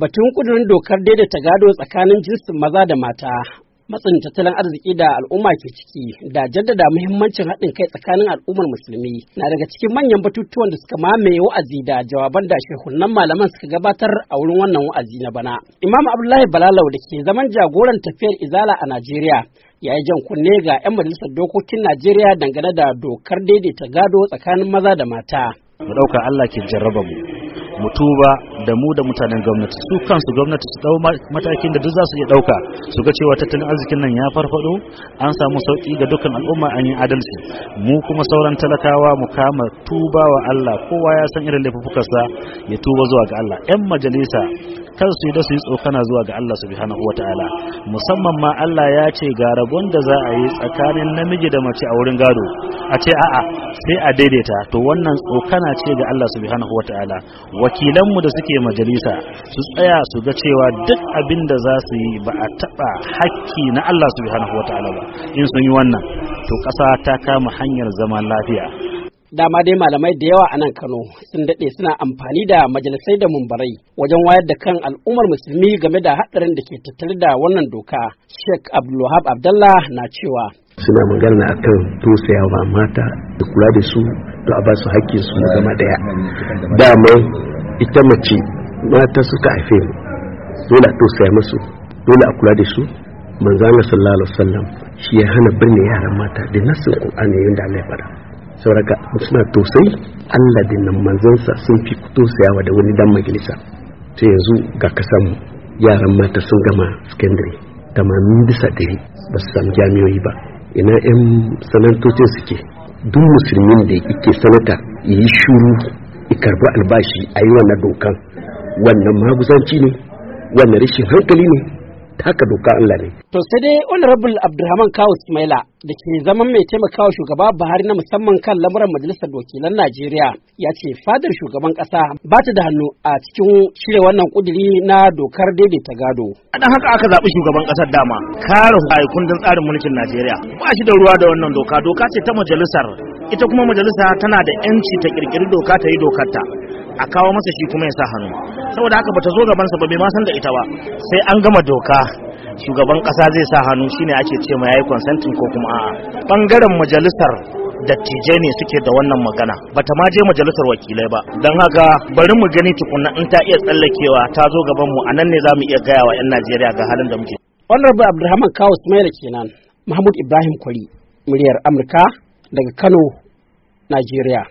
Batun kudurin dokar daidaita gado tsakanin jinsin maza da mata, matsin tattalin arziki da al'umma ke ciki da jaddada muhimmancin haɗin kai tsakanin al'ummar musulmi na daga cikin manyan batutuwan da suka mamaye wa'azi da jawaban da shehunan malaman suka gabatar a wurin wannan wa'azi na bana. Imam Abdullahi Balalau da ke zaman jagoran tafiyar Izala a Najeriya ya yi jan kunne ga 'yan majalisar dokokin Najeriya dangane da dokar daidaita gado tsakanin maza da mata. Mu ɗauka Allah ke jarraba mu. mu tuba da mu da mutanen gwamnati su kansu gwamnati su dau matakin da duk za su iya dauka su ga cewa tattalin arzikin nan ya farfado an samu sauki ga dukkan al'umma an yi adalci mu kuma sauran talakawa mu kama tubawa Allah kowa ya san irin laifukansa ya tuba zuwa ga Allah yan majalisa kar su da su yi tsokana zuwa ga Allah subhanahu wataala musamman ma Allah ya ce ga rabon da za a yi tsakanin namiji da mace a wurin gado a ce a'a sai a daidaita to wannan tsokana ce ga Allah subhanahu wataala wakilan mu da suke majalisa su tsaya su ga cewa duk abin da za su yi ba a taba hakki na Allah subhanahu wataala ba in sun yi wannan to ƙasa ta kama hanyar zaman lafiya dama dai malamai da yawa a nan Kano sun daɗe suna amfani da majalisai da mumbarai wajen wayar da kan al'ummar musulmi game da haɗarin da ke tattare da wannan doka. Sheikh Abdulwahab Abdallah na cewa. Suna magana akan tosayawa mata da kula da su da a ba su hakkin su na gama daya. Dama ita mace mata suka haife mu dole a tosaya musu dole a kula da su manzana sallallahu alaihi wasallam shi ya hana birnin yaran mata da nasin Qur'ani yayin da Allah ya fara. sauraka suna tosai Allah da nan manzansa sun fi tosayawa da wani dan majalisa sai yanzu ga kasanmu yaran mata sun gama secondary tamanin bisa dare ba su samu jami'oyi ba ina yan sanantocin suke duk musulmin da yake sanata yi shuru ya karbi albashi a yi wannan dokan wannan maguzanci ne wannan rashin hankali ne haka doka Allah ne. To sai dai Honorable Abdulrahman Kawu Ismaila da ke zaman mai taimakawa shugaba Buhari na musamman kan lamuran Majalisar Wakilan Najeriya ya ce fadar shugaban kasa ba ta da hannu a cikin shirya wannan kuduri na dokar daidaita gado. A Dan haka aka zaɓi shugaban ƙasar dama kare kundin tsarin mulkin Najeriya ba shi da ruwa da wannan doka doka ce ta majalisar ita kuma majalisa tana da 'yanci ta kirkiri doka ta yi dokarta a kawo masa shi kuma ya sa hannu saboda haka bata zo gabansa ba bai ma san da ita ba sai an gama doka shugaban kasa zai sa hannu shine ake ce ma yayi consenting ko kuma a'a bangaren majalisar dattijai ne suke da wannan magana bata ma je majalisar wakilai ba don haka bari mu gani tukunna in ta iya tsallakewa ta zo gaban mu anan ne zamu iya gaya wa yan Najeriya ga halin da muke Honorable Abdulrahman Kawu Ismaila kenan Mahmud Ibrahim Kwari muryar Amurka daga Kano Najeriya